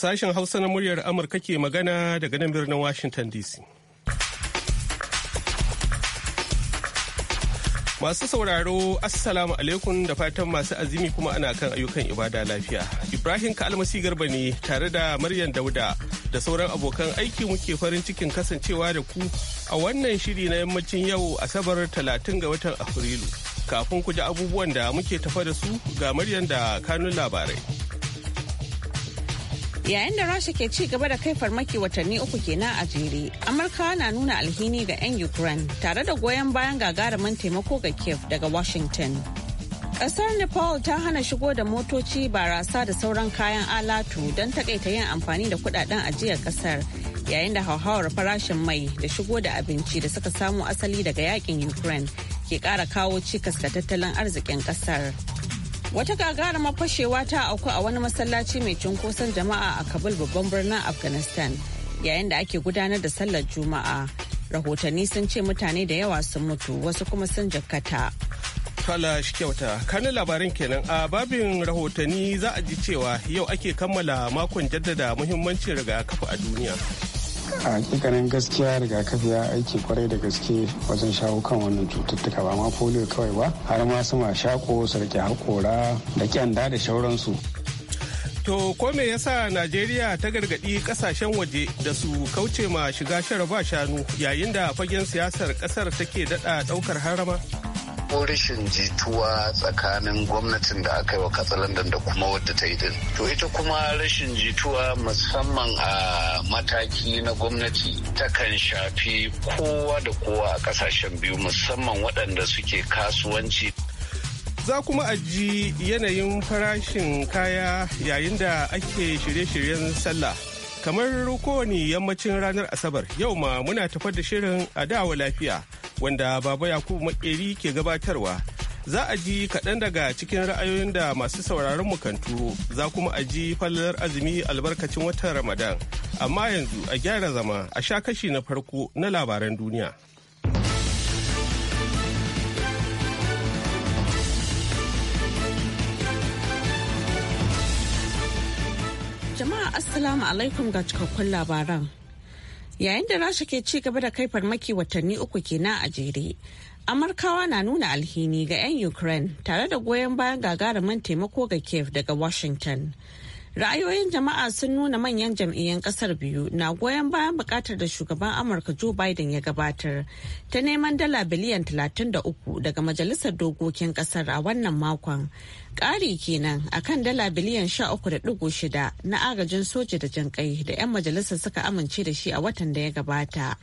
Sashen Hausa na muryar Amurka ke magana daga nan birnin Washington DC. Masu sauraro, Assalamu alaikum da fatan masu azimi kuma ana kan ayyukan ibada lafiya. Ibrahim Kalmasi Garba ne tare da Maryam Dauda da sauran abokan aiki muke farin cikin kasancewa da ku a wannan shiri na yammacin yau Asabar 30 ga watan Afrilu. Kafin ku ji abubuwan da muke tafa da su ga Maryam da kanun labarai. yayin da rasha ke ci gaba da kai farmaki watanni uku kenan a jere amurka na nuna alhini ga 'yan ukraine tare da goyon bayan gagarumin taimako ga kiev daga washington kasar nepal ta hana shigo da motoci barasa da sauran kayan alatu don takaita yin amfani da kudaden ajiyar kasar yayin da hauhawar farashin mai da shigo da abinci da suka samu asali daga yakin ukraine ke kara kawo cikas ga tattalin arzikin kasar. Wata gagarumar fashewa ta auku a wani masallaci mai cunkoson jama'a a Kabul babban birnin Afghanistan yayin da ake gudanar da sallar Juma'a. Rahotanni sun ce mutane da yawa sun mutu wasu kuma sun jakkata. Kala shi kyauta, kanin labarin kenan a babin rahotanni za a ji cewa yau ake kammala makon jaddada muhimmancin rigakafi a duniya. a hakikanin gaskiya rigakafi ya aiki kwarai da gaske wajen shawo kan wannan cututtuka ba ma polio kawai ba har ma sama shako su rike hakora da kyanda da shauransu To ko me yasa Najeriya ta gargaɗi ƙasashen waje da su kauce ma shiga shara ba shanu yayin da fagen siyasar ƙasar take daɗa ɗaukar harama? ko rashin jituwa tsakanin gwamnatin da aka yi wa katsalandan da kuma wadda ta yi din to ita kuma rashin jituwa musamman a mataki na gwamnati takan shafi kowa da kowa a kasashen biyu musamman waɗanda suke kasuwanci za kuma a ji yanayin farashin kaya yayin da ake shirye-shiryen sallah kamar kowane yammacin ranar asabar yau ma muna tafar da shirin a dawa lafiya wanda Baba Yakubu Makeri ke gabatarwa. Za a ji kaɗan daga cikin ra'ayoyin da masu sauraron mu kan turo, za kuma a ji fallar azumi albarkacin watan Ramadan. Amma yanzu a gyara zama a sha kashi na farko na labaran duniya. Jama'a Assalamu alaikum ga cikakkun labaran. yayin da rasha ke ci gaba da kai farmaki watanni uku kenan a jere amurkawa na nuna alhini ga 'yan ukraine tare da goyon bayan gagarumin taimako ga kiev daga washington ra'ayoyin jama'a sun nuna manyan jam'iyyan kasar biyu na goyon bayan bukatar da shugaban amurka joe biden ya gabatar ta neman dala biliyan 33 daga majalisar dokokin kasar a wannan makon ƙari kenan akan dala biliyan sha uku da shida, na agajin soja da jinƙai da 'yan majalisar suka amince da shi a watan da ya gabata.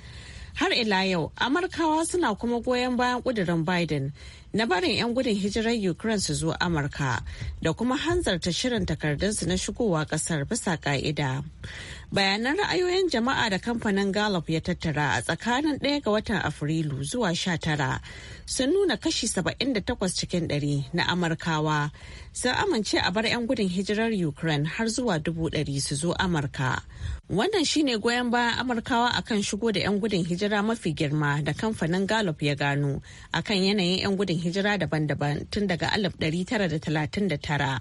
Har ila yau, Amurkawa suna kuma goyon bayan ƙudurin Biden na barin 'yan gudun hijirar Ukraine su zo Amurka da kuma hanzarta shirin takardunsu na shigowa kasar bisa ka'ida. Bayanan ra'ayoyin jama'a da kamfanin Gallup ya tattara a tsakanin ɗaya ga watan Afrilu zuwa sha tara sun nuna kashi 78 cikin ɗari na Amurkawa sun amince a bar 'yan gudun hijirar Ukraine har zuwa dubu ɗari su zo Amurka. Wannan shine goyon bayan Amurkawa akan shigo da 'yan gudun hijira mafi girma da kamfanin Gallup ya gano akan yanayin 'yan gudun gudun hijira daban-daban tun daga 1939.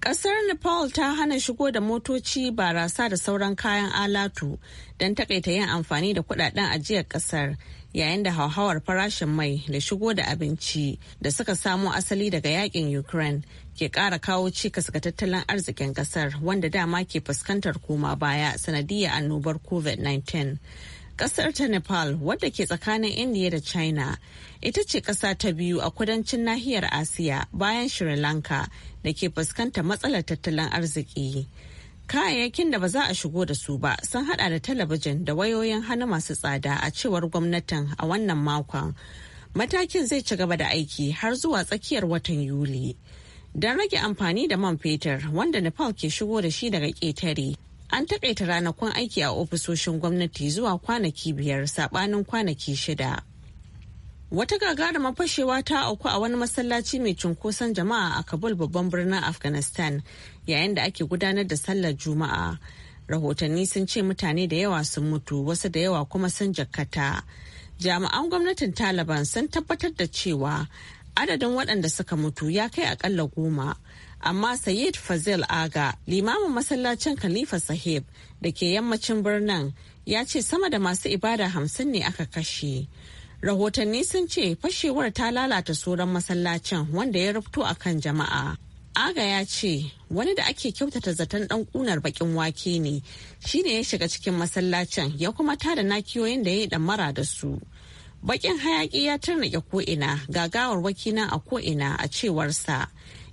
Kasar Nepal ta hana shigo da motoci barasa da sauran kayan alatu don takaita yin amfani da kudaden ajiyar kasar yayin da hauhawar farashin mai da shigo da abinci da suka samo asali daga yakin Ukraine ke kara kawo cikas ga tattalin arzikin kasar wanda dama ke fuskantar koma baya sanadiyar annobar COVID-19. Kasar ta Nepal wadda ke tsakanin India da China ita ce ƙasa ta biyu a kudancin nahiyar asiya bayan sri lanka da ke fuskantar matsalar tattalin arziki kayayyakin da ba za a shigo da su ba sun hada da talabijin da wayoyin hannu masu tsada a cewar gwamnatin a wannan makon matakin zai ci gaba da aiki har zuwa tsakiyar watan yuli don rage amfani da man fetur wanda nepal ke shigo da shi daga ƙetare an taƙaita ranakun aiki a ofisoshin gwamnati zuwa kwanaki biyar sabanin kwanaki shida Wata gagarumar mafashewa ta auku a wani masallaci mai cunkoson jama'a a Kabul babban birnin Afghanistan yayin da ake gudanar da sallar Juma'a. Rahotanni sun ce mutane da yawa sun mutu wasu da yawa kuma sun jakkata. Jami'an gwamnatin Taliban sun tabbatar da cewa adadin waɗanda suka mutu ya kai akalla goma. Amma Sayyid Fazil Aga, limamin masallacin Khalifa Sahib da ke yammacin birnin, ya ce sama da masu ibada hamsin ne aka kashe. rahotanni sun ce fashewar ta lalata sauran masallacin wanda ya rubto a kan jama'a aga ya ce wani da ake kyautata zaton dan kunar bakin wake ne shine ya shiga cikin masallacin ya kuma tada nakiyoyin da ya yi damara da su bakin hayaki ya tarnake ko'ina gagawar wakina a ko'ina a cewarsa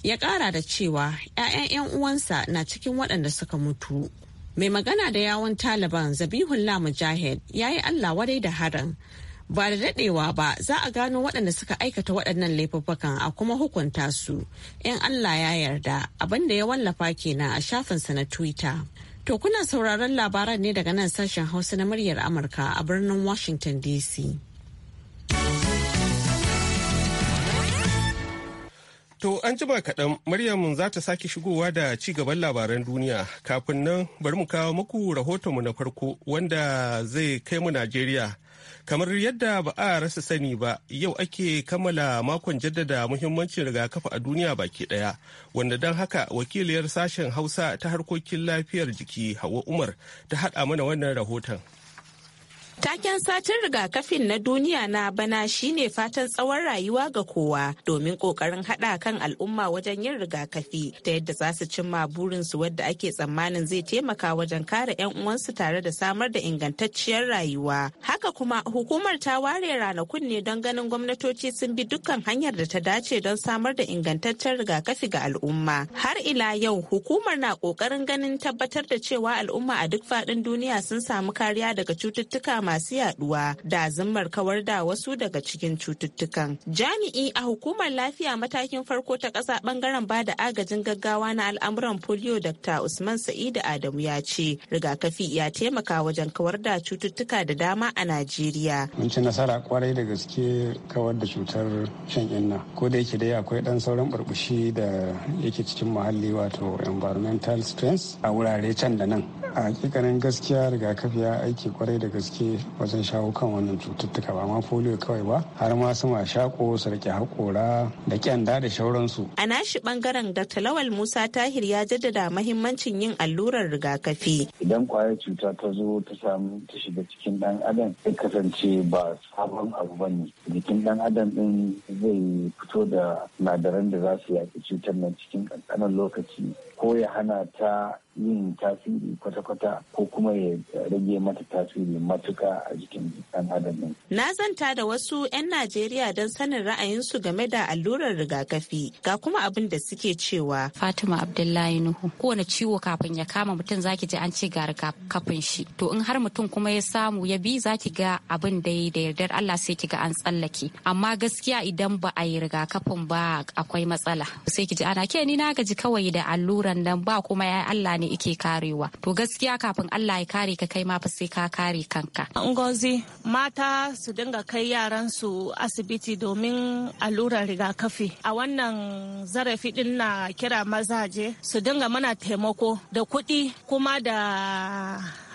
ya kara da cewa 'ya'yan 'yan uwansa na cikin waɗanda suka mutu mai magana da yawon taliban zabihun lamu mujahid ya yi allah wadai da haran ba da daɗewa ba za a gano waɗanda suka aikata waɗannan laifuffukan a kuma hukunta su in allah ya yarda abin da ya wallafa kenan a shafinsa na twitter to kuna sauraron labaran ne daga nan sashen hausa na muryar amurka a birnin washington dc To an ba kaɗan Maryam za ta sake shigowa da ci gaban labaran duniya kafin nan bari mu kawo muku rahotonmu na farko wanda zai kai mu Najeriya kamar yadda ba a rasa sani ba yau ake kammala makon jaddada muhimmancin rigakafi a duniya baki daya wanda don haka wakiliyar sashen hausa ta harkokin lafiyar jiki hawa umar ta haɗa mana wannan rahoton Taken satin rigakafin na duniya na bana shine fatan tsawon rayuwa ga kowa domin kokarin haɗa kan al'umma wajen yin rigakafi ta yadda za su cimma burinsu wadda ake tsammanin zai taimaka wajen kare 'yan uwansu tare da samar da ingantacciyar rayuwa. Haka kuma hukumar ta ware ranakun ne don ganin gwamnatoci sun bi dukkan hanyar da ta dace don samar da ingantaccen rigakafi ga al'umma. Har ila yau hukumar na kokarin ganin tabbatar da cewa al'umma a duk faɗin duniya sun samu kariya daga cututtuka masu yaduwa da zimmar kawar da wasu daga cikin cututtukan. Jami'i a hukumar lafiya matakin farko ta ƙasa bangaren ba da agajin gaggawa na al'amuran polio Dr. Usman Sa'idu Adamu ya ce rigakafi ya taimaka wajen kawar da cututtuka da dama a Najeriya. Mun ci nasara kwarai da gaske kawar da cutar shan inna. Ko da yake dai akwai dan sauran burbushi da yake cikin muhalli wato environmental stress a wurare can da nan. a hakikanin gaskiya rigakafi ya aiki kwarai da gaske wajen shawo kan wannan cututtuka ba ma polio kawai ba har ma su ma shako su rike haƙora da kyanda da shauransu. A nashi bangaren da talawal Musa Tahir ya jaddada mahimmancin yin allurar rigakafi. Idan kwayar cuta ta zo ta samu ta shiga cikin ɗan adam zai kasance ba sabon abu ba ne. Jikin dan adam ɗin zai fito da sinadaran da za su yaƙi cutar nan cikin ƙanƙanin lokaci. ko ya hana ta yin tasiri kwata-kwata ko kuma ya rage mata tasiri matuka a jikin ɗan adam Na zanta da wasu 'yan Najeriya don sanin ra'ayinsu game da allurar rigakafi ga kuma abin da suke cewa. Fatima Abdullahi Nuhu kowane ciwo kafin ya kama mutum zaki ji an ce ga rigakafin shi to in har mutum kuma ya samu ya bi zaki ga abin da da yardar Allah sai ki ga an tsallake amma gaskiya idan ba a yi rigakafin ba akwai matsala sai ki ji ana ke ni na gaji kawai da allura laluran nan ba kuma ya Allah ne ike karewa to gaskiya kafin Allah ya kare ka kai ma fa sai ka kare kanka ngozi mata su dinga kai yaran su asibiti domin allurar rigakafi a wannan zarafi din na kira mazaje su dinga mana taimako da kuɗi kuma da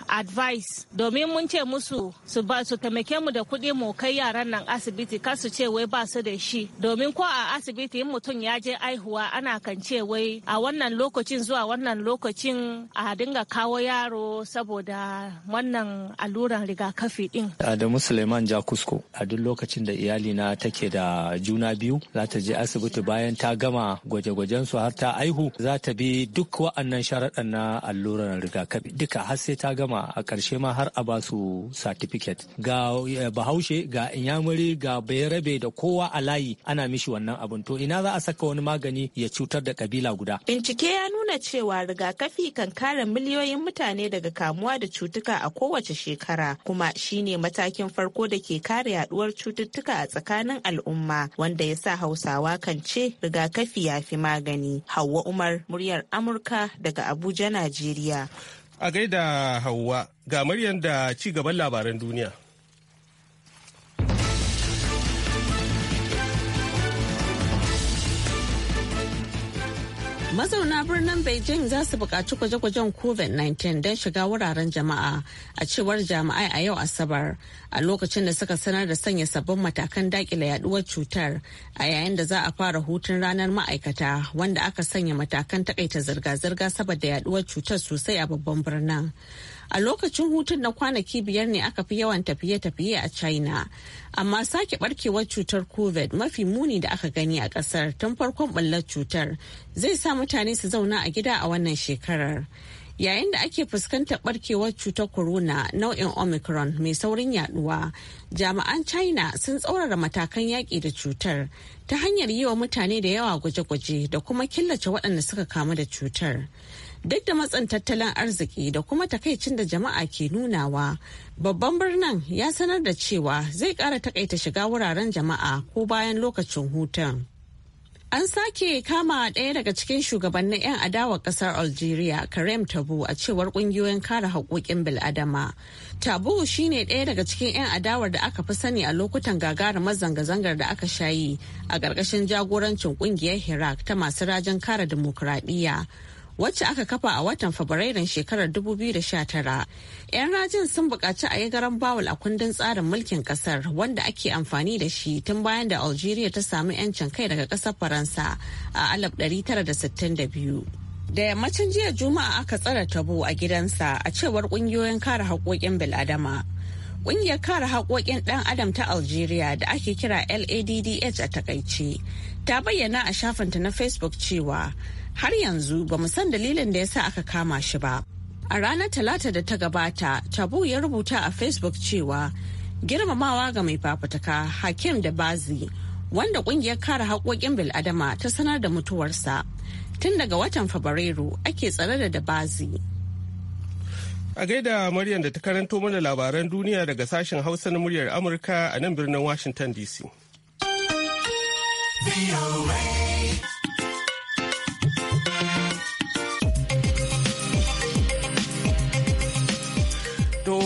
advice domin mun ce musu su ba su taimake mu da kuɗi mu kai yaran nan asibiti kar su ce wai ba su da shi domin ko a asibiti in mutum ya je aihuwa ana kan ce wai a wannan lokacin zuwa wannan lokacin a dinga kawo yaro saboda wannan alluran rigakafi din. Adamu Suleiman Jakusko a duk lokacin da iyali iyalina take da juna biyu za ta je asibiti bayan ta gama gwaje-gwajen su har ta aihu za ta bi duk wa'annan sharaɗan na alluran rigakafi duka har sai ta gama a ƙarshe ma har a ba su certificate ga eh, bahaushe ga inyamuri ga bayarabe da kowa a layi ana mishi wannan abun to ina za a saka wani magani ya cutar da kabila guda bincike ya nuna cewa rigakafi kan kare miliyoyin mutane daga kamuwa da cutuka a kowace shekara kuma shine matakin farko da ke kare yaduwar cututtuka a tsakanin al'umma wanda ya sa hausawa kan ce rigakafi ya fi magani hawa umar muryar amurka daga abuja najeriya A gaida Hauwa ga muryar da ci gaban labaran duniya. Mazauna birnin Beijing za su buƙaci gwaje-gwajen COVID-19 don shiga wuraren jama'a a cewar jami'ai a yau Asabar a lokacin da suka sanar da sanya sabbin matakan dakile yaduwar cutar a yayin da za a fara hutun ranar ma'aikata wanda aka sanya matakan takaita zirga-zirga saboda yaduwar cutar sosai a babban birnin. A lokacin hutun na kwanaki biyar ne aka fi yawan tafiye-tafiye a China. Amma sake barkewar cutar COVID mafi muni da aka gani a kasar tun farkon ɓallar cutar zai sa mutane su zauna a gida a wannan shekarar. Yayin da ake fuskantar barkewar cutar corona nau'in Omicron mai saurin yaduwa, jami'an China sun tsaurara matakan yaƙi da cutar ta hanyar yi wa mutane da yawa gwaje-gwaje da kuma killace waɗanda suka kamu da cutar. Duk da matsan tattalin arziki da kuma takaicin da jama'a ke nunawa, babban birnin ya sanar da cewa zai kara takaita shiga wuraren jama'a ko bayan lokacin hutun. An sake kama ɗaya daga cikin shugabannin 'yan adawa ƙasar Algeria, Karem Tabu, a cewar ƙungiyoyin kare haƙoƙin bil'adama. Tabu shine ɗaya daga cikin 'yan adawar da aka fi sani a lokutan gagarumar zanga-zangar da aka shayi a ƙarƙashin jagorancin ƙungiyar Hirak ta masu rajin kare dimokuraɗiyya wacce aka kafa a watan Fabrairun shekarar 2019. 'Yan rajin sun buƙaci a yi garan bawul a kundin tsarin mulkin ƙasar wanda ake amfani da shi tun bayan da Algeria ta samu 'yancin kai daga ƙasar Faransa a 1962. da yammacin jiya juma'a aka tsara tabo a gidansa a cewar kungiyoyin kare haƙoƙin biladama ƙungiyar kare haƙoƙin ɗan adam ta algeria da ake kira laddh a takaice ta bayyana a shafinta na facebook cewa har yanzu ba mu san dalilin da ya sa aka kama shi ba. A ranar Talata da ta gabata, Tabu ya rubuta a Facebook cewa girmamawa ga mai fafutuka Hakim da Bazi, wanda kungiyar kare haƙoƙin bil'adama ta sanar da mutuwarsa. Tun daga watan Fabrairu ake tsare da Dabazi. A gaida Maryam da ta karanto mana labaran duniya daga sashen Hausa na muryar Amurka a nan birnin Washington DC.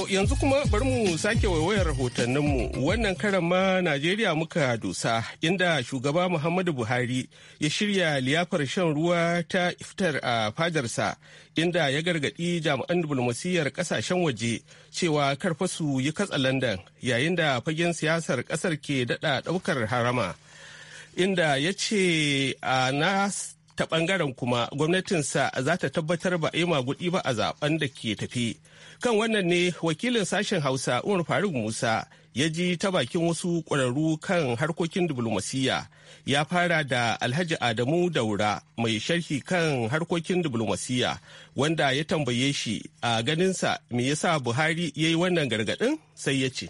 yanzu kuma bari mu sake waiwayar rahotanninmu wannan karan ma Najeriya muka dusa inda shugaba Muhammadu Buhari ya shirya liyafar shan ruwa ta iftar a fadarsa inda ya gargaɗi jami'an diplomasiyyar ƙasashen waje cewa karfa su yi katsa London yayin da fagen siyasar ƙasar ke daɗa ɗaukar harama inda ya ce a nas ta ɓangaren kuma gwamnatinsa za ta tabbatar ba a yi magudi ba a zaben da ke tafi. kan wannan ne wakilin sashen hausa umar faruk musa ya ji ta bakin wasu ƙwararru kan harkokin diflomasiyya ya fara da alhaji adamu daura mai sharhi kan harkokin diflomasiyya wanda ya tambaye shi a ganinsa me yasa buhari ya yi wannan gargaɗin sai ya ce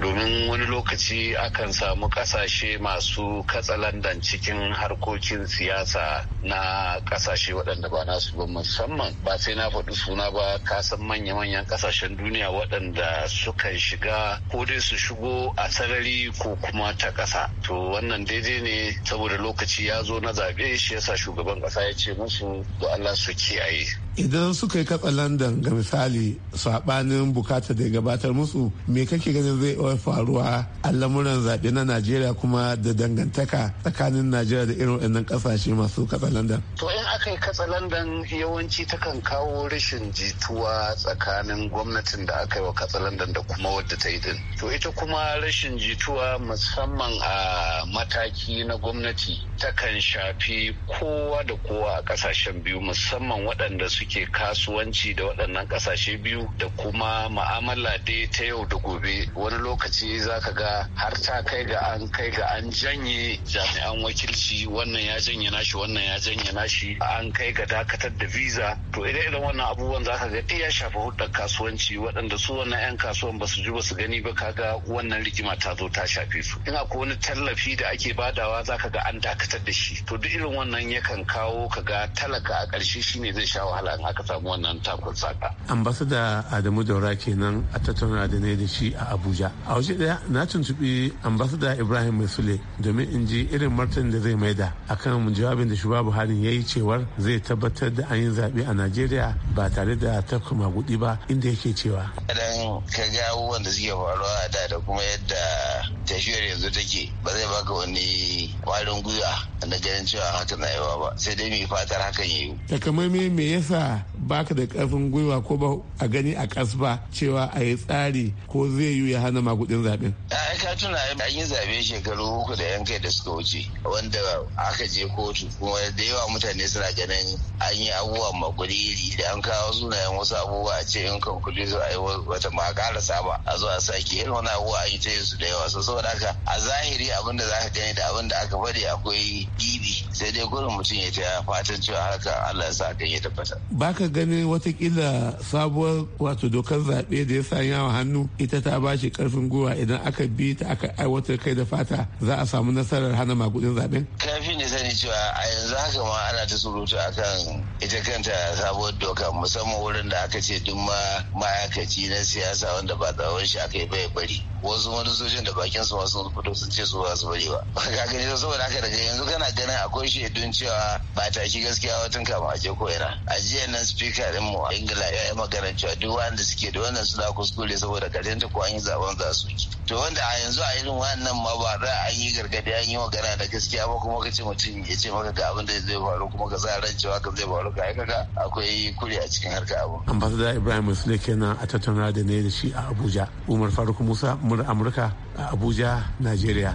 domin wani lokaci akan samu kasashe masu katsalandan cikin harkokin siyasa na kasashe waɗanda ba nasu ba musamman ba sai na faɗi suna ba kasan manya-manyan kasashen duniya waɗanda sukan shiga ko dai su shigo a sarari ko kuma ta ƙasa to wannan daidai ne saboda lokaci ya zo na zaɓe shi yasa shugaban ƙasa ya ce musu da Allah su kiyaye idan suka yi katsalandan ga misali saɓanin bukatar da ya gabatar musu me kake ganin zai faruwa a lamuran zaɓe na najeriya kuma da dangantaka tsakanin najeriya da irin waɗannan ƙasashe masu katsa katsalandan to in aka yi katsalandan yawanci takan kawo rashin jituwa tsakanin gwamnatin da aka yi wa katsalandan da kuma wadda ta yi din to ita kuma rashin jituwa musamman a mataki na gwamnati takan shafi kowa da kowa a ƙasashen biyu musamman waɗanda suke kasuwanci da waɗannan ƙasashe biyu da kuma ma'amala dai ta yau da gobe wani lokaci lokaci za ka ga har ta kai ga an kai ga an janye jami'an wakilci wannan ya janye nashi wannan ya janye nashi an kai ga dakatar da visa to idan idan wannan abubuwan za ka ga ya shafi hudar kasuwanci waɗanda su wannan 'yan kasuwan ba su ji ba su gani ba ka ga wannan rigima ta zo ta shafe su in akwai wani tallafi da ake badawa za ka ga an dakatar da shi to duk irin wannan yakan kawo ka ga talaka a ƙarshe shine zai sha wahala in aka samu wannan takun saka ambasada adamu daura kenan a tattauna da ne da shi a abuja a waje daya na tuntubi ambasada ibrahim mai sule domin in ji irin martanin da zai maida akan jawabin da shugaba buhari ya yi cewar zai tabbatar da an yi zaɓe a najeriya ba tare da takuma kuɗi ba inda yake cewa idan ka ga abubuwan da suke faruwa da da kuma yadda tafiyar yanzu take ba zai baka wani kwarin gwiwa na ganin cewa haka na yawa ba sai dai mai fatar hakan ya yi takamaimai me yasa baka da karfin gwiwa ko ba a gani a kasba cewa a yi tsari ko zai yi ya hana makudin zaben. ka tuna a yi zaɓe shekaru uku da yan kai da suka wuce wanda aka je kotu kuma da yawa mutane suna ganin an yi abubuwa makuri da an kawo sunayen wasu abubuwa a ce in kan kudi a yi wata ma ƙara saba a zo a sake irin wani abubuwa an yi ta yin su da yawa sosai saboda haka a zahiri abin da za ka gani da abin da aka bari akwai bibi sai dai gurin mutum ya ta fatan cewa haka Allah ya sa kan ya tabbata. ganin watakila sabuwar wato dokar zaɓe da ya sanya wa hannu ita ta ba shi karfin gwiwa idan aka bi ta aka aiwatar kai da fata za a samu nasarar hana magudin zaɓen. kafin ne sani cewa a yanzu haka ma ana ta surutu akan ita kanta sabuwar doka musamman wurin da aka ce duk ma ma'aikaci na siyasa wanda ba tsawon shi aka yi bai bari wasu wani sojin da bakin su masu fito sun ce su ba su bari ba. Ka gani saboda haka daga yanzu kana ganin akwai shaidun cewa ba ta shi gaskiya watan kama a je ko yana. A jiya nan Afirka din mu a ingila ya yi magana cewa duk wanda suke da wannan suna kuskure saboda kare ta ko an yi zaben za su ki to wanda a yanzu a irin wannan ma ba za an yi gargadi an yi magana da gaskiya ba kuma ka ce mutum ya ce maka ga abin da zai faru kuma ka sa ran cewa ka zai faru ka ai kaka akwai kuri a cikin harka abu ambassador ibrahim musule kenan a tattauna da ne da shi a abuja umar faruk musa amurka a abuja najeriya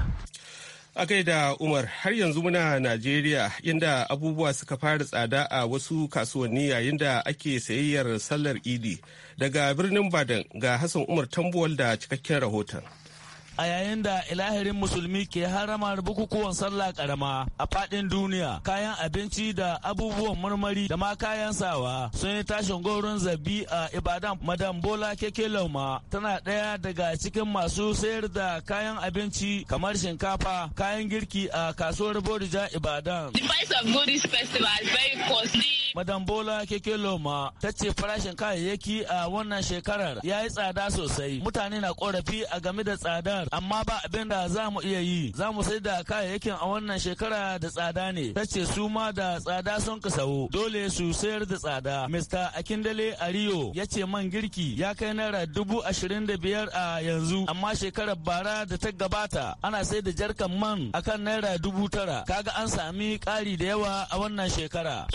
Akai da Umar har yanzu muna Najeriya inda abubuwa suka fara tsada a wasu kasuwanni yayin da ake sayayyar sallar Idi. Daga birnin Badan ga Hassan Umar Tambuwal da cikakken rahoton. a yayin da ilahirin musulmi ke haramar bukukuwan sallah karama a fadin duniya kayan abinci da abubuwan marmari da ma kayan sawa sun yi tashin gorin zabi a ibadan madam bola keke lauma tana ɗaya daga cikin masu sayar da kayan abinci kamar shinkafa kayan girki a kasuwar borija ibadan madam bola keke lauma ta ce farashin kayayyaki a wannan shekarar ya yi tsada sosai mutane na korafi a game da tsadar kasar amma ba abin da za mu iya yi za mu sai da kayayyakin a wannan shekara da tsada ne ta ce su ma da tsada sun kasawo dole su sayar da tsada mr akindale ariyo ya ce man girki ya kai naira dubu ashirin da biyar a yanzu amma shekarar bara da ta gabata ana sai da jarkan man akan naira dubu tara kaga an sami ƙari da yawa a wannan shekara.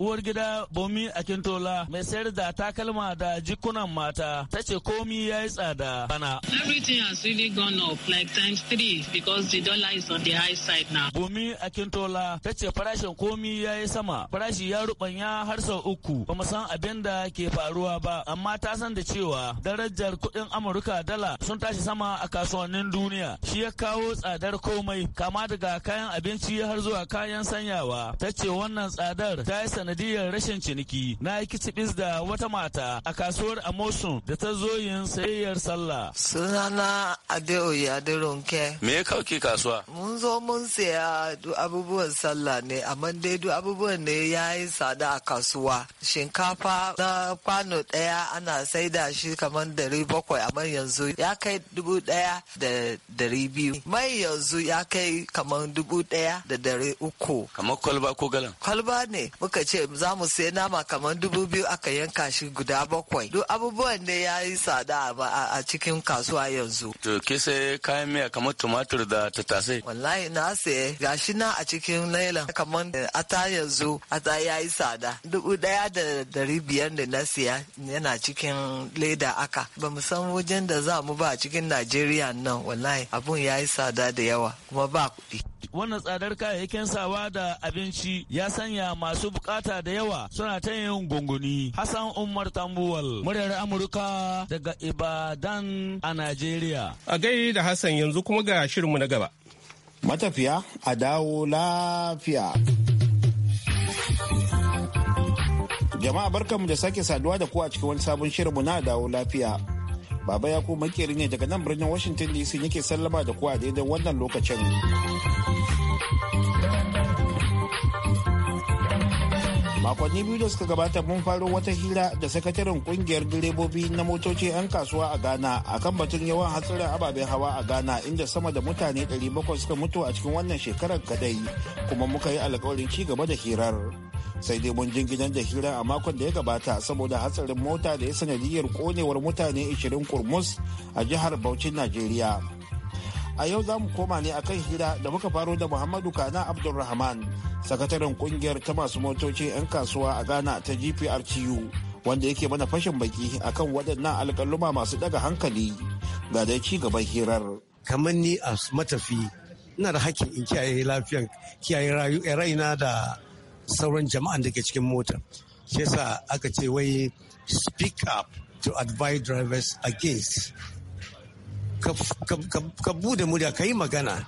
Uwar gida Bomi Akintola mai sayar da takalma da jikunan mata ta ce komi ya yi tsada bana. Everything has really gone up like times three because the dollar is on the high side now. Bumi Akintola ta ce farashin komi ya yi sama farashi ya rubanya har sau uku ba mu san abin da ke faruwa ba amma ta san da cewa darajar kuɗin Amurka dala sun tashi sama a kasuwannin duniya shi ya kawo tsadar komai kama daga kayan abinci har zuwa kayan sanyawa ta ce wannan tsadar ta yi sanadiyar rashin ciniki na yi kicibis da wata mata a kasuwar amosun da ta zo yin sayayyar sallah Allah. Sunana Adeoye Aderonke. Me ya kauke kasuwa? Mun zo mun siya duk abubuwan sallah ne, amma dai duk abubuwan ne ya yi tsada a kasuwa. Shinkafa na kwano ɗaya ana saida shi kamar dari bakwai amma yanzu ya kai dubu ɗaya da dari biyu. Mai yanzu ya kai kamar dubu ɗaya da dari uku. Kamar kwalba ko galan? Kwalba ne. Muka ce za mu sai nama kamar dubu biyu aka yanka shi guda bakwai. Duk abubuwan ne ya yi tsada a cikin cikin kasuwa yanzu. To ke sai kayan miya kamar tumatur da tattasai? Wallahi na saye gashi na a cikin lailan kamar eh, ata yanzu ata ya yi tsada. Dubu ɗaya da dari biyar da na siya yana cikin leda aka. Ba mu san wajen da za mu ba cikin Najeriya nan wallahi abun ya yi tsada da yawa kuma ba kuɗi. wannan tsadar kayayyakin sawa da abinci ya sanya masu bukata da yawa suna ta yin gunguni. Hassan Umar Tambuwal, muryar Amurka daga Ibadan a Najeriya. A gai da Hassan yanzu kuma ga shirinmu na gaba. Matafiya a dawo lafiya. Jama'a barkanmu da sake saduwa da ku a cikin wani sabon shirinmu na dawo lafiya. Baba ya ku makeri ne daga nan birnin Washington DC yake sallama da ku daidai wannan lokacin. makonni biyu da suka gabata mun faro wata hira da sakataren kungiyar direbobi na motoci 'yan kasuwa a ghana akan batun yawan hatsarin ababen hawa a ghana inda sama da mutane 700 suka mutu a cikin wannan shekarar kadai kuma muka yi alkawarin ci gaba da hirar sai dai mun gidan da hira a makon da ya gabata saboda hatsarin mota da ya sanadiyar konewar mutane 20 kurmus a jihar bauchi najeriya a yau za mu koma ne akan hira da muka faro da muhammadu kana abdulrahman sakataren kungiyar ta masu motoci 'yan kasuwa a ghana ta gprtu wanda yake mana fashin baki akan waɗannan alƙaluma masu daga hankali ga dai ci gaban hirar kamar ni a matafi ina da hakkin in kiyaye lafiyan kiyaye eh, raina da sauran jama'an da ke cikin mota shi yasa aka ce wai speak up to advise drivers against ka bude murya ka yi magana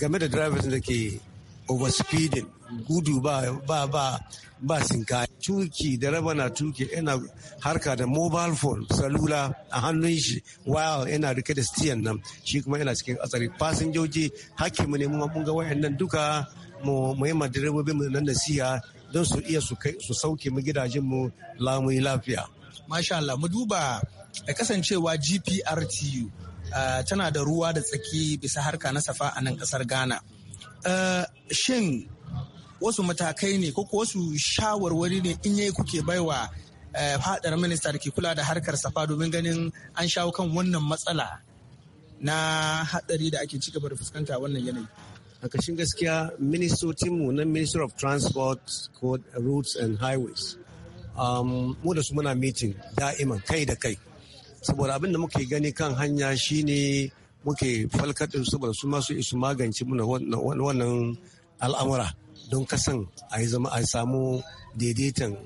game da drivers da ke overspeeding gudu ba ba ba ba sinka tuki da raba na tuki yana harka da mobile phone salula a hannun shi wow yana rike da stiyan nan shi kuma yana cikin asari fasinjoji mu ne mun ga wayannan duka mu mu direbobi mu nan nasiha don su iya su sauke mu gidajen mu lamu lafiya masha Allah mu duba da eh, kasancewa GPRTU eh, tana da ruwa da tsaki bisa harka na safa a nan kasar Ghana. Eh, shin wasu matakai ne ko wasu shawarwari ne in yayi kuke baiwa fadar minista da ke kula da harkar safa domin ganin an shawo kan wannan matsala na hadari da ake cigaba da fuskanta wannan yanayi. A kashin gaskiya ministocinmu na Minister of Transport, Roads and Highways, um, mu da su muna mitin da'iman kai da kai. saboda abin da muke gani kan hanya shine muke falkatin saboda su masu isu magance muna wannan al'amura don kasan a yi zama a samu daidaitan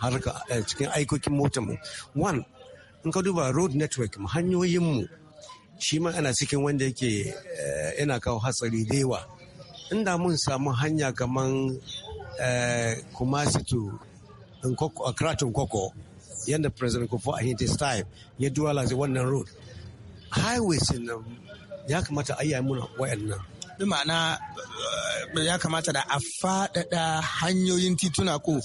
harka eh, cikin aikokin motar mu one in ka duba road network hanyoyin mu shi ma ana cikin wanda yake eh, yana kawo hatsari da yawa inda mun samu hanya kaman eh, kumasi to kratin koko yadda president kofo a hinti style ya zai wannan road highways nan ya kamata a yi muna wayannan bi ma'ana eh, ya kamata da a faɗaɗa hanyoyin tituna ko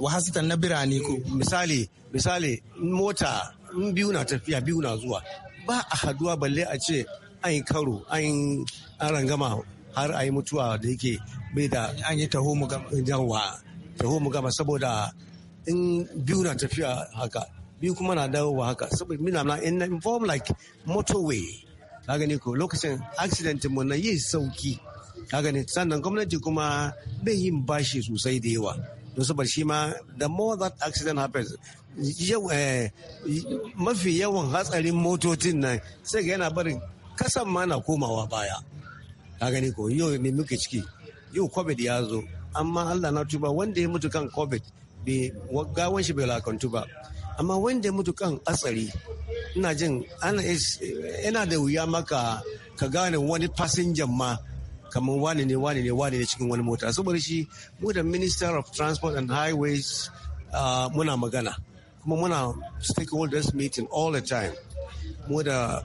wahasitan na birane ko misali misali mota in biyu na tafiya biyu na zuwa ba a haduwa balle a ce an yi karo an rangama har a yi mutuwa da yake bai da an yi taho mu gama saboda in biyu na tafiya haka biyu kuma na dawowa haka saboda mina na in inform like motorway ka gani ko lokacin accident mu na yi sauki ka gani sannan gwamnati kuma bai yin bashi sosai da yawa don saboda shi ma the more that accident happens eh, mafi yawan hatsarin motocin nan sai ga yana barin kasan ma na komawa baya ka gani ko yau ne muke ciki yau covid ya zo amma allah na tuba wanda ya mutu kan covid gawon shi bai lakantu ba amma wanda ya mutu kan hatsari ina jin yana da wuya maka ka gane wani fasinjan ma kamar wani ne wani ne wani ne cikin wani mota saboda shi mu da minister of transport and highways muna magana kuma muna stakeholders meeting all the time mu da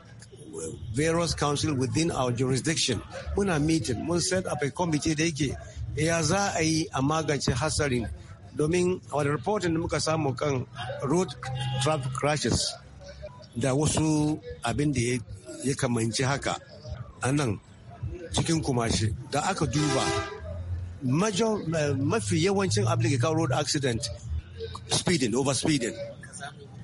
various council within our jurisdiction muna meeting mun set up a committee da yake ya za a yi a magance hasarin domin a wani rahoton da muka samu kan road traffic crashes da wasu abin da ya kamanci haka a nan cikin kumashi da aka duba eh, mafi yawancin abin da kawo road accident speeding over speeding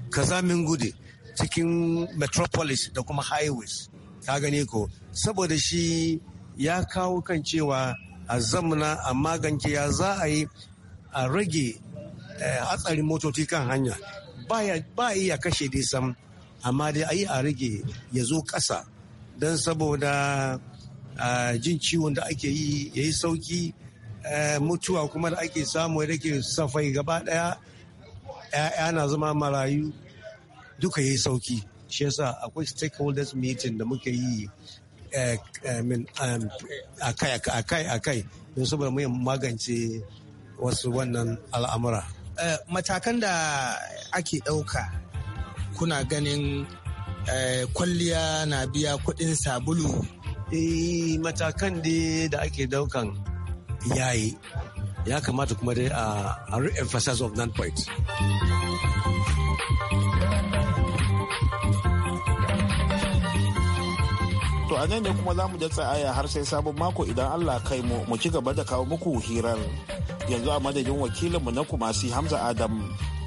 kazamin gudi cikin metropolis da kuma highways ka gane ko saboda shi ya kawo kan cewa a zamuna a magance ya za a yi a rage eh, hatsarin motoci kan hanya ba iya kashe dai sam amma dai ayi a rage ya zo ƙasa don saboda jin ciwon da ake yi ya yi sauki eh, mutuwa kuma da ake samu ya rage safai gaba ɗaya ‘ya'ya na zama marayu duka ya yi sauki shi yasa akwai stakeholders meeting da muke yi eh, um, akai akai don saboda mu magance wasu wannan al'amura. Eh, matakan da ake ɗauka kuna ganin eh, kwalliya na biya kuɗin sabulu? Eh, matakan da ake ɗaukan yayi ya kamata kuma dai a re-emphasize of that point. To a ne kuma za mu da tsaya har sai sabon mako idan Allah kai mu mu ci gaba da kawo muku hirar. yanzu a madadin wakilinmu na kumasi hamza adam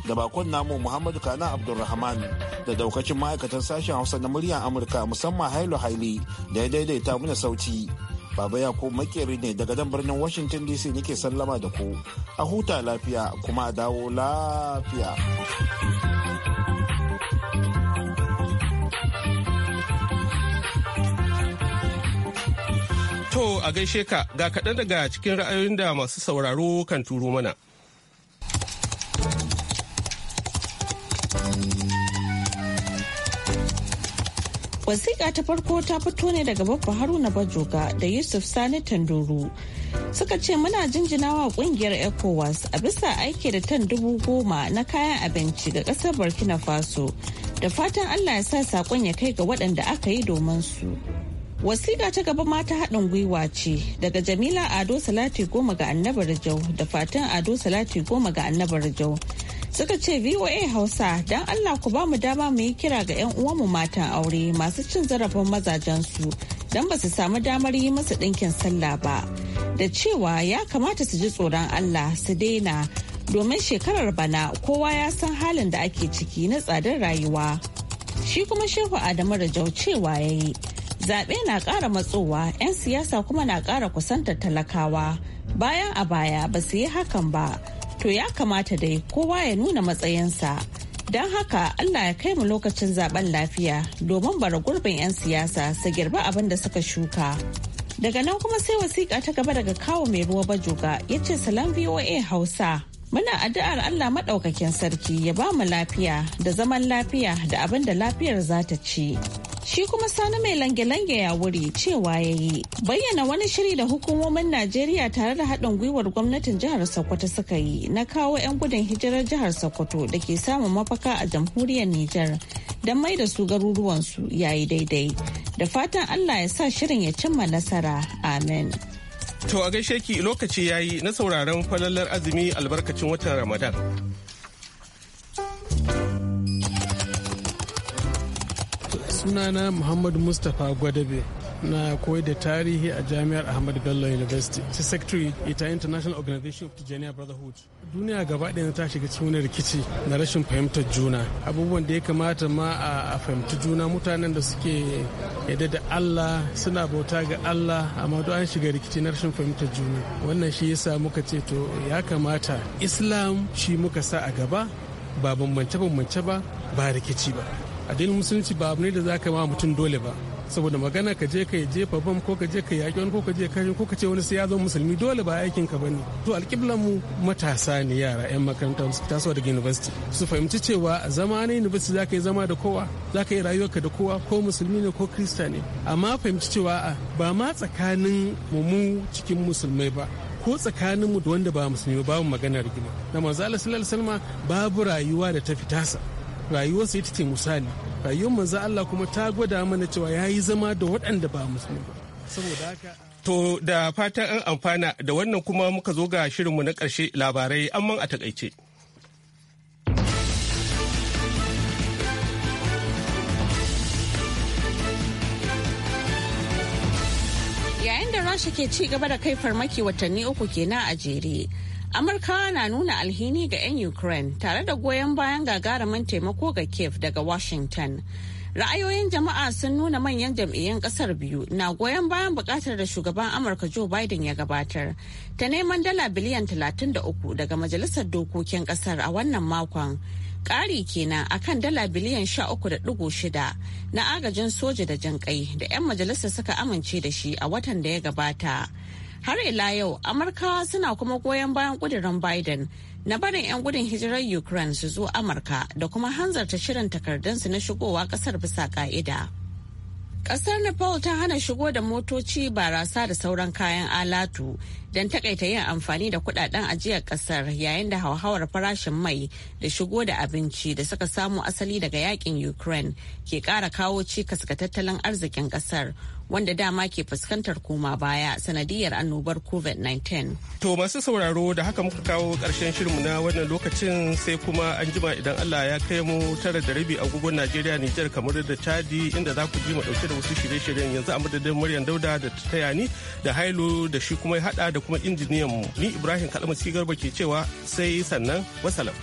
da bakon namu muhammadu kana abdulrahman da daukacin ma'aikatan sashen hausa na muryar amurka musamman hailu haili da ya daidaita mana sauti baba ya makeri ne daga dan birnin washington dc nake sallama da ku a huta lafiya kuma a dawo lafiya To a gaishe ka ga kaɗan daga cikin ra'ayoyin da masu sauraro kan turo mana. Wasiƙa ta farko ta fito ne daga babba Haruna Bajoga da Yusuf Sani Tanduru. Suka ce muna jinjinawa kungiyar ECOWAS a bisa aiki da tan dubu goma na kayan abinci ga ƙasar Burkina Faso. Da fatan Allah ya sa saƙon ya kai ga waɗanda aka yi domin su. wasiƙa ta gaba mata haɗin gwiwa ce daga jamila ado salati goma ga annabar jau da fatan ado salati goma ga annabar jau suka ce voa hausa don allah ku ba mu dama mu yi kira ga 'yan uwanmu matan aure masu cin zarafin mazajensu don ba su samu damar yi masa ɗinkin sallah ba da cewa ya kamata su ji tsoron allah su daina domin shekarar bana kowa ya san halin da ake ciki na tsadar rayuwa shi kuma shehu adamu jau cewa ya yi Zaɓe na ƙara matsowa, 'yan siyasa kuma na ƙara kusantar talakawa. Bayan a baya ba su yi hakan ba, to ya kamata dai kowa ya nuna matsayinsa. Don haka Allah ya kai mu lokacin zaben lafiya domin bara gurbin 'yan siyasa su girbi abin da suka shuka. Daga nan kuma sai wasiƙa ta gaba daga kawo mai ruwa bajuga ya ce salam VOA Hausa. Muna addu'ar Allah maɗaukakin sarki ya ba mu lafiya da zaman lafiya da abin da lafiyar za ta ci. Shi kuma sani mai lange-lange ya wuri cewa ya yi bayyana wani shiri da hukumomin Najeriya tare da haɗin gwiwar gwamnatin jihar Sokoto suka yi na kawo 'yan gudun hijirar jihar Sokoto da ke samun mafaka a jamhuriyar Nijar don mai da su garuruwansu ya yi daidai. Da fatan Allah ya sa shirin ya cimma nasara. Amen. To a gaishe ki lokaci ya yi na sauraron falalar azumi albarkacin watan Ramadan. sunana muhammad mustapha gwadabe na koyar da tarihi a jami'ar ahmad bello university ta secretary ita international organization of tijaniya brotherhood duniya gaba ɗaya ta shiga cikin wani rikici na rashin fahimtar juna abubuwan da ya kamata ma a fahimci juna mutanen da suke yadda da allah suna bauta ga allah amma duk an shiga rikici na rashin fahimtar juna wannan shi yasa muka ce to ya kamata islam shi muka sa a gaba ba bambance-bambance ba ba rikici ba addinin musulunci ba abu ne da zaka ma mutum dole ba saboda magana ka je ka jefa bam ko ka je ka yaƙi wani ko ka je yi ko ka ce wani sai ya zo musulmi dole ba aikin ka bane to alƙiblan mu matasa ne yara yan makaranta su taso daga university su fahimci cewa a zama na university zaka yi zama da kowa zaka yi rayuwarka da kowa ko musulmi ne ko krista ne amma fahimci cewa a ba ma tsakanin mu mu cikin musulmai ba ko tsakaninmu da wanda ba musulmi ba babu magana rigima na manzo Allah sallallahu alaihi wasallam babu rayuwa da ta fitasa rayuwarsa ita ce misali rayuwar manzo Allah kuma ta gwada mana cewa ya yi zama da waɗanda ba musulmi ba saboda haka ah, to da fatan an amfana da wannan kuma muka zo ga shirinmu na karshe labarai amman a takaice yayin da rasha ke ci gaba da kai farmaki watanni uku kenan a jere Amurkawa na nuna alhini ga 'yan Ukraine tare da goyon bayan gagarumin taimako ga Kiev daga Washington. Ra'ayoyin jama'a sun nuna manyan jam'iyyun kasar biyu na goyon bayan bukatar da shugaban Amurka Joe Biden ya gabatar ta neman dala biliyan 33 daga Majalisar Dokokin kasar a wannan makon. Ƙari kenan akan dala biliyan 13.6 na agajin soja da jinƙai da 'yan majalisa suka amince da shi a watan da ya gabata. Har ila yau, Amurkawa suna kuma goyon bayan ƙudurin Biden na barin 'yan gudun hijirar Ukraine su zo Amurka da kuma hanzarta shirin takardunsu na shigowa ƙasar bisa ƙa'ida. Ƙasar Nepal ta hana shigo da motoci barasa da sauran kayan alatu don takaita yin amfani da kudaden ajiyar kasar yayin da hauhawar farashin mai da shigo da abinci da suka samu asali daga yakin ukraine ke kara kawo cikas ga tattalin arzikin kasar wanda dama ke fuskantar koma baya sanadiyar annobar covid-19 to masu sauraro da haka muka kawo karshen shirinmu na wannan lokacin sai kuma an jima idan allah ya kai mu tara da rabi agogon najeriya nijar kamar da chadi inda za ku ji mu dauke da wasu shirye-shiryen yanzu a madadin muryan dauda da ta tayani da hailo da shi kuma ya hada da da kuma injiniyan mu ni Ibrahim Kalmasi Garba ke cewa sai sannan wasalam.